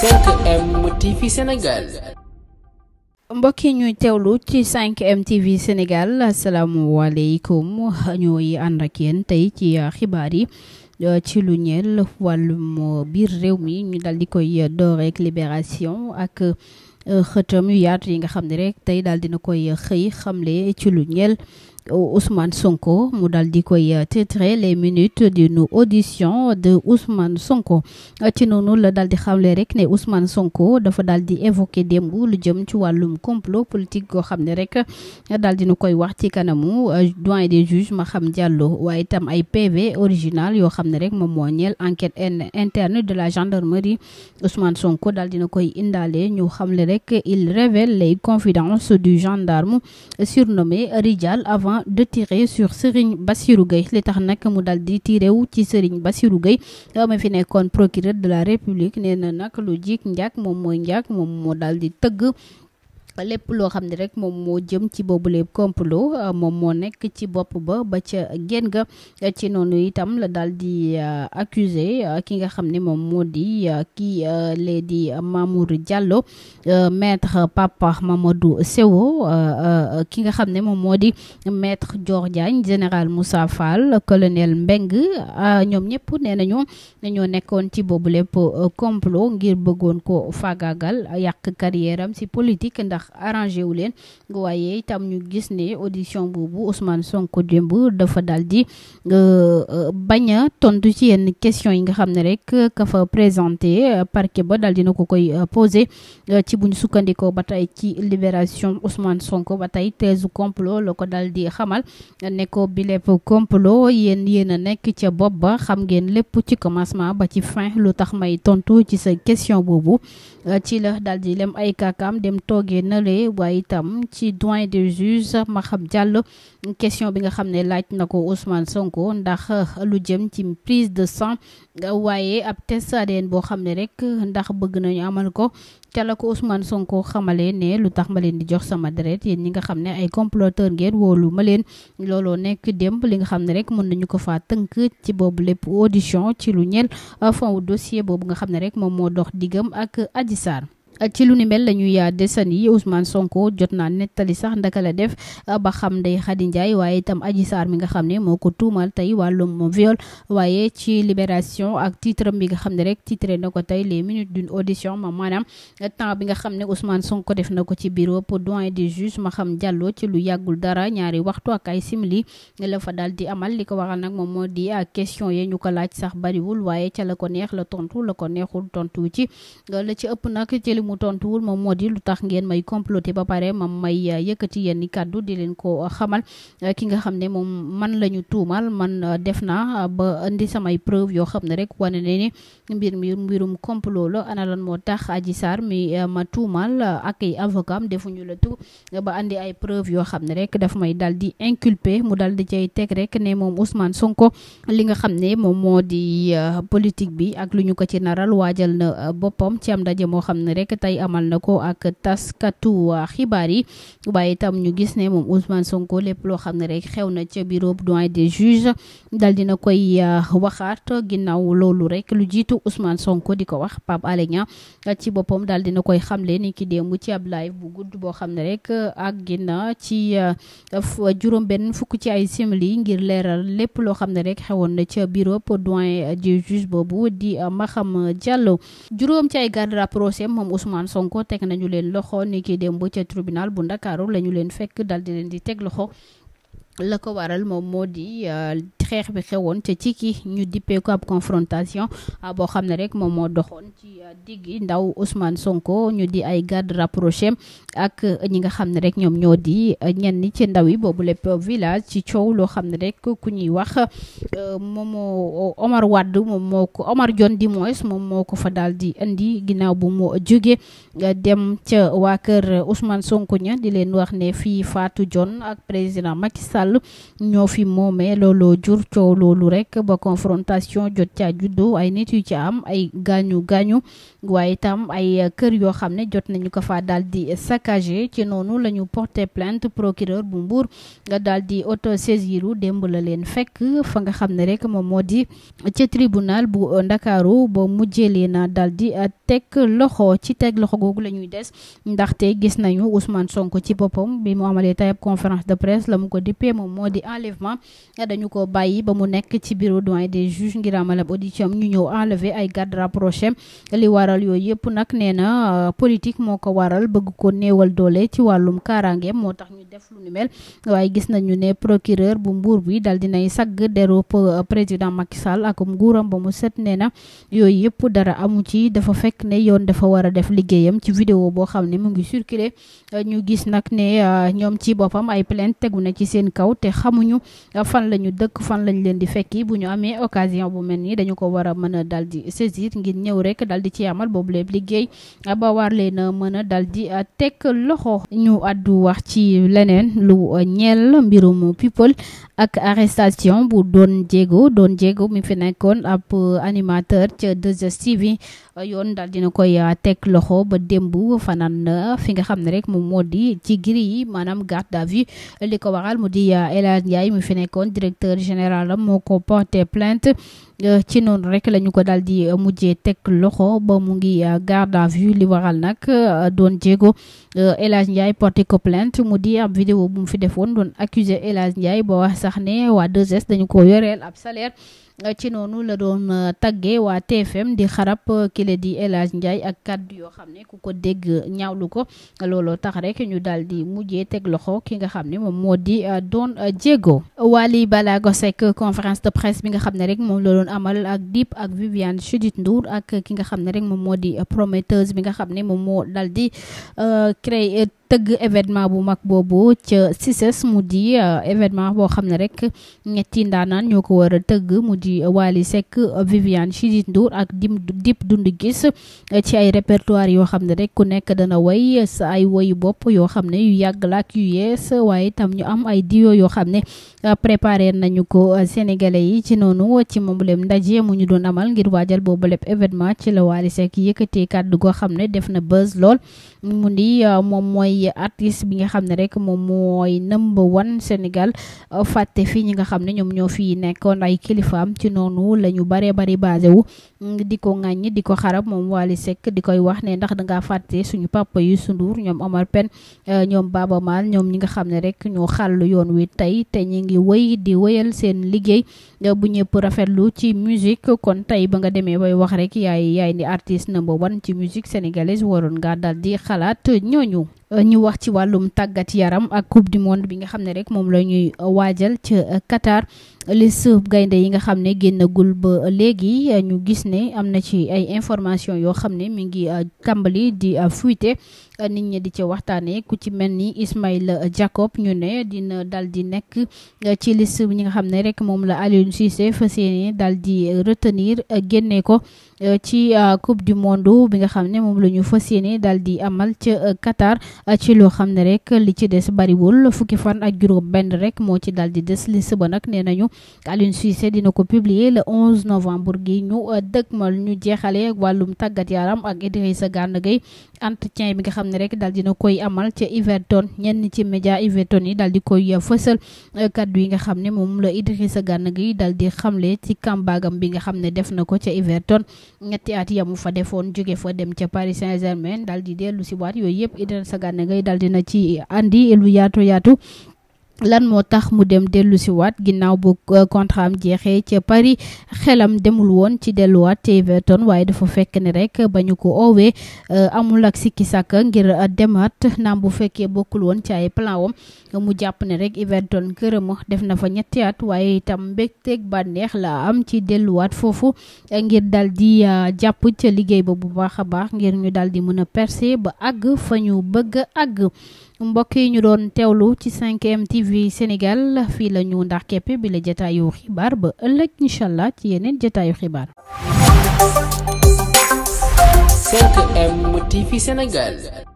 5M TV Sénégal. mbokk yi ñuy teewlu ci 5M TV Sénégal asalaamualeykum ñooy ànd ak yéen tey ci xibaar yi. ci lu ñel wàllum biir réew mi ñu daal di koy door ak libération ak xëtam yu yaatu yi nga xam ni rekk tey daal dina koy xëy xamle ci lu ñel Ousmane Sonko mu dal di koy euh, titré les minutes d'une audition de Ousmane Sonko euh, ci noonu la dal di xamle rek ne Ousmane Sonko dafa dal di évoqué démb lu jëm ci wàllum complot politique goo xam ne rek euh, dal di nu koy wax ci kanamu doyen des juges Maham Diallo waaye tam ay PV original yoo xam ne rek moom moo ñeel enquête internet de la gendarmerie Ousmane Sonko dal dina koy indaale ñu xamle rek il révèle les confidences du gendarme surnommé Rijal également de tirer sur Serigne Bassirou Gueye li tax nag mu dal di tiré wu ci Serigne Bassirou Gueye ma fi nekkoon procureur de la République nee na nag lu jiik njaak moom mooy njaak moom moo dal di tëgg lépp loo xam ne rek moom moo jëm ci boobu lépp complot euh, moom moo nekk ci bopp ba ba ca génn ga ci noonu itam la daal di euh, accusé euh, ki nga xam ne moom moo di kii lee di Mamour Diallo maître Papa Mamadou Sewo ki nga xam ne moom moo di maître Dior Diagne général Moussa Fall colonel Mbengue ñoom ñëpp nee nañu ñoo nekkoon ci boobu lépp complot ngir bëggoon ko faagaagal yàq carrière ci si politique ndax. ndax arrangé wu leen waaye itam ñu gis ne audition boobu Ousmane Sonko démb dafa daal di euh, euh, bañ a tontu ci yenn question yi nga xam ne rek ka fa présenté euh, parquet ba daal dina ko koy posé ci buñ sukkandikoo ba tey ci libération Ousmane Sonko ba tey teesu complot la ko daal di xamal ne ko bi complot yéen yéen a nekk ca bopp ba xam ngeen lépp ci commencement ba ci fin lu tax may tontu ci sa question boobu ci la daal lem ay kàkkaam dem toogee nale waaye itam ci doyen des ma xam Diallo question bi nga xam ne laaj na ko Ousmane Sonko ndax lu jëm ci prise de sang waaye ab test boo xam ne rek ndax bëgg nañu amal ko ca la ko Ousmane Sonko xamale ne lu tax ma leen di jox sama deret yéen ñi nga xam ne ay comploteur ngeen woolu ma leen looloo nekk dem li nga xam ne rek mën nañu ko faa tënk ci boobu lépp audition ci lu ñel fond dossier boobu nga xam ne rek moom moo dox diggam ak Adji Euh, ci lu ni mel la ñuy euh, desani Ousmane Sonko jot naa nettali sax ndaka la def euh, ba xam Ndeye Khady Ndiaye waaye itam Adji saar mi nga xam ne moo ko tuumal tey wàllum viol waaye ci libération ak titre bi nga xam ne rek titre na ko tey les minutes d'une audition ma maanaam temps bi nga xam ne Ousmane Sonko def na ko ci bureau pour doyen de juges ma xam jalloo ci lu yàggul dara ñaari waxtu ak ay nga la fa daal di amal li ko waral nag moom moo di question yi ñu ko laaj sax bariwul waaye ca la ko neex la tontu la ko neexul tontu ci mu tontuwul moom moo di lu tax ngeen may comploter ba pare ma may euh, yëkkati yenn kàddu di leen ko euh, xamal euh, ki nga xam ne moom man la ñu tuumal man def naa ba indi samay preuve yoo xam ne rek wane ne ni mbir mi mbirum complot la moo tax Adji Sarr mi ma tuumal ak ay avocat am defuñu la tout ba ay preuve yoo xam ne rek daf may dal di inculpé mu dal di cay teg rek ne moom Ousmane Sonko li nga xam ne moom moo bi ak lu ñu ko ci naral waajal na boppam ci am ndaje moo xam ne rek nag tey amal na ko ak taskatu uh, xibaar yi tam itam ñu gis ne moom Ousmane Sonko lépp loo xam ne rek xew na ca bureau doyen des juges dal dina koy uh, waxaat ginnaaw loolu rek lu jiitu Ousmane Sonko di ko wax Pape Alé uh, ci boppam daal dina koy xamle ni ki démb ci ab bu gudd boo xam ne rek ak ginna ci juróom benn fukk ci ay simili ngir leeral lépp loo xam ne rek xewoon na ca bureau doyen des juges boobu di Maham Diallo juróom ci ay garde rapproché moom Ousmane Sonko teg nañu leen loxo ni ki démb tribunal bu Ndakaaru la ñu leen fekk dal di leen di teg loxo la ko waral moom moo di euh, xeex bi xewoon ca ci ki ñu dippee ko ab confrontation ah, boo xam ne rek moom moo doxoon ci ah, diggi ndaw Ousmane Sonko ñu di ay garde rapproché ak ñi nga xam ne rek ñoom ñoo di ah, ñenn ci ndaw yi boobu lépp village ci coow loo xam ne rek ku ñuy wax moom moo Omar Wade moom moo ko Omar John di moins moom moo ko fa daal di indi ginnaaw bu mu nga dem ca waa kër Ousmane Sonko ña di leen wax ne fii faatu jon ak président Macky Sall ñoo fi moomee looloo jur coow loolu rek ba confrontation jot caa juddoo ay nit yu ci am ay gaañu gaañu waaye tam ay kër yoo xam ne jot nañu ko fa daal di saccagé ci noonu la ñu porté plante procureur bu Mbour nga daal di auto-saisiru démb la leen fekk fa nga xam ne rek moom moo di ca tribunal bu Ndakaaru ba mujjee leen dal daal di teg loxo ci teg loxo googu la ñuy des ndaxte gis nañu Ousmane sonk ci boppam bi mu amalee tayab conférence de presse la mu ko dippee moom moo di enlèvement bàyyi ba mu nekk ci bureau doyen des juges ngir amal ab audition ñu ñëw enlever ay garde rapproché li waral yooyu yëpp nag nee na euh, politique moo ko waral bëgg ko néewal doole ci wàllum kaaraange moo tax ñu def lu ni mel waaye gis nañu ne procureur bu mbuur bi dal dinay sagg deru euh, président Macky Sall ak nguuram ba mu set nee na yooyu yëpp dara amu ci dafa fekk ne yoon dafa war a def liggéeyam ci vidéo boo xam ne mu ngi circuler euh, ñu gis nag ne ñoom ci boppam ay plainte ci seen kaw fan lañ leen di fekki bu ñu amee occasion bu mel nii dañu ko war a mën a dal di saisir ngir ñëw rek dal di ci amal boobu lépp liggéey ba war leen a mën a dal di uh, teg loxo ñu àddu wax ci leneen lu uh, ñeel mbirum people ak arrestation bu doon jéego doon jéego mi fi nekkoon ab uh, animateur ca 2STV yoon dal na koy teg loxo ba démb fanaan fi nga xam ne rek moom moo ci giri yi maanaam garde à li ko waral mu di El Hadj Ndiaye mi fi directeur général moo ko porté plainte Euh, ci noonu rek la ñu ko daal di euh, mujjee teg loxo ba mu ngi euh, garde à vue li waral nag doon jéego El Hadj Ndiaye porté ko plainte mu di ab vidéo bu mu fi defoon doon accuser El Hadj Ndiaye ba wax sax ne waa 2S dañu ko yoreel ab salaire ci noonu la doon tagge waa TFM di xarab kile di El Hadj ak kàddu yoo xam ne ku ko dégg ñaawlu ko looloo tax rek ñu daal di mujjee teg loxo ki nga xam ne moom moo di doon jéego Waly Balago Seck conférence de presse bi nga xam doon amal ak Dip ak Viviane Chidid Ndour ak ki nga xam ne rek moom moo di prometteuse bi nga xam ne moom moo dal di euh, créer tëgg événement bu mag boobu ci CICES mu di euh, événement boo xam ne rek ñetti ndaanaan ñoo ko war a tëgg mu di Wally Seck Viviane Chidid Ndour ak dim dip dund gis euh, ci ay répertoire yoo xam ne rek ku nekk dana woy sa ay woyu bopp yoo xam ne yu yàgg laak ak yu yees waaye itam ñu am ay diyo yoo xam ne euh, préparé nañu ko sénégalais yi ci noonu ci moom lem ndaje mu ñu doon amal ngir waajal boobu lépp événement ci la Wally Seck yëkkatee kàddu goo xam ne def na buzz lool di artiste bi nga xam ne rek moom mooy number one Sénégal euh, fàtte fi ñi nga xam ne ñoom ñoo fi nekkoon ay kilifaam ci noonu la ñu baree bari basé wu mm, di ko ñi di ko xarab moom Wally Seck di koy wax ne ndax dangaa fàtte suñu papa Youssou Ndour ñoom Omar Pène euh, ñoom Baba Maal ñoom ñi nga xam ne rek ñoo xàllu yoon wi tey te ñi ngi wëy di woyal seen liggéey euh, bu ñëpp rafetlu ci musique kon tey ba nga demee bay wax rek yaay yaay ni artiste number one ci musique sénégalaise waroon nga dal di xalaat ñooñu ñu wax ci wàllum tàggat yaram ak coupe du monde bi nga xam ne rek moom la ñuy waajal ca Qatar liste gaynde yi nga xam ne génnagul ba léegi ñu gis ne am na ci ay information yoo xam ne mi ngi euh, tàmbali di euh, fuite euh, nit ñi di ci waxtaanee ku ci mel ni Ismaïla Jacob ñu ne dina dal di nekk ci liste bi ñi nga xam ne rek moom la Aliou Cissé fas yéene dal retenir génne ko ci coupe du monde bi nga xam ne moom la ñu fas yéene dal di amal ca Qatar ci loo xam ne rek li ci des bariwul fukki fan ak juróom benn rek moo ci dal di des liste ba nag nee nañu Aliou Cissé dina ko publier le 11 novembre gi ñu euh, ma ñu jeexalee wàllum tàggat yaram ak Idrissa Gana Gueye entretien bi nga xam ne rek daal dina koy amal ca Everton ñenn ci média Everton yi daal di koy euh, fësal euh, kaddu yi nga xam ne moom la Idrissa Gana Gueye dal di xamle ci kàmbaagam bi nga xam ne def na ko ca Everton ñetti at yamu fa defoon jóge fa dem ca Paris Saint-Germain daal di dellu si waat yooyu yëpp Idrissa Gana Gueye daal dina ci indi lu yaatu yaatu lan moo tax mu dem dellusiwaat ginnaaw bu euh, contrat am jeexee ca Paris xelam demul woon ci delluwaat ca Everton waaye dafa fekk ni rek ba ñu ko oowee euh, amul ak sikki ngir euh, demaat naam bu fekkee bokkul woon ci ay plan wam mu jàpp ne rek Everton këram def na fa ñetti at waaye itam mbégteeg bànneex la am ci delluwaat foofu ngir dal di jàpp ca liggéey ba bu baax a baax ngir ñu dal di mën a percer ba àgg fa ñu bëgg àgg. mbokk yi ñu doon teewlu ci 5M TV Sénégal fii la ñu ndax képp bi la jataayu xibaar ba ëllëg incha allah ci yeneen jataayu xibaar. 5 TV Sénégal.